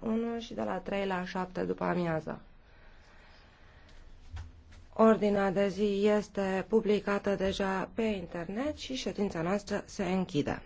1 și de la 3 la 7 după amiază. Ordinea de zi este publicată deja pe internet și ședința noastră se închide.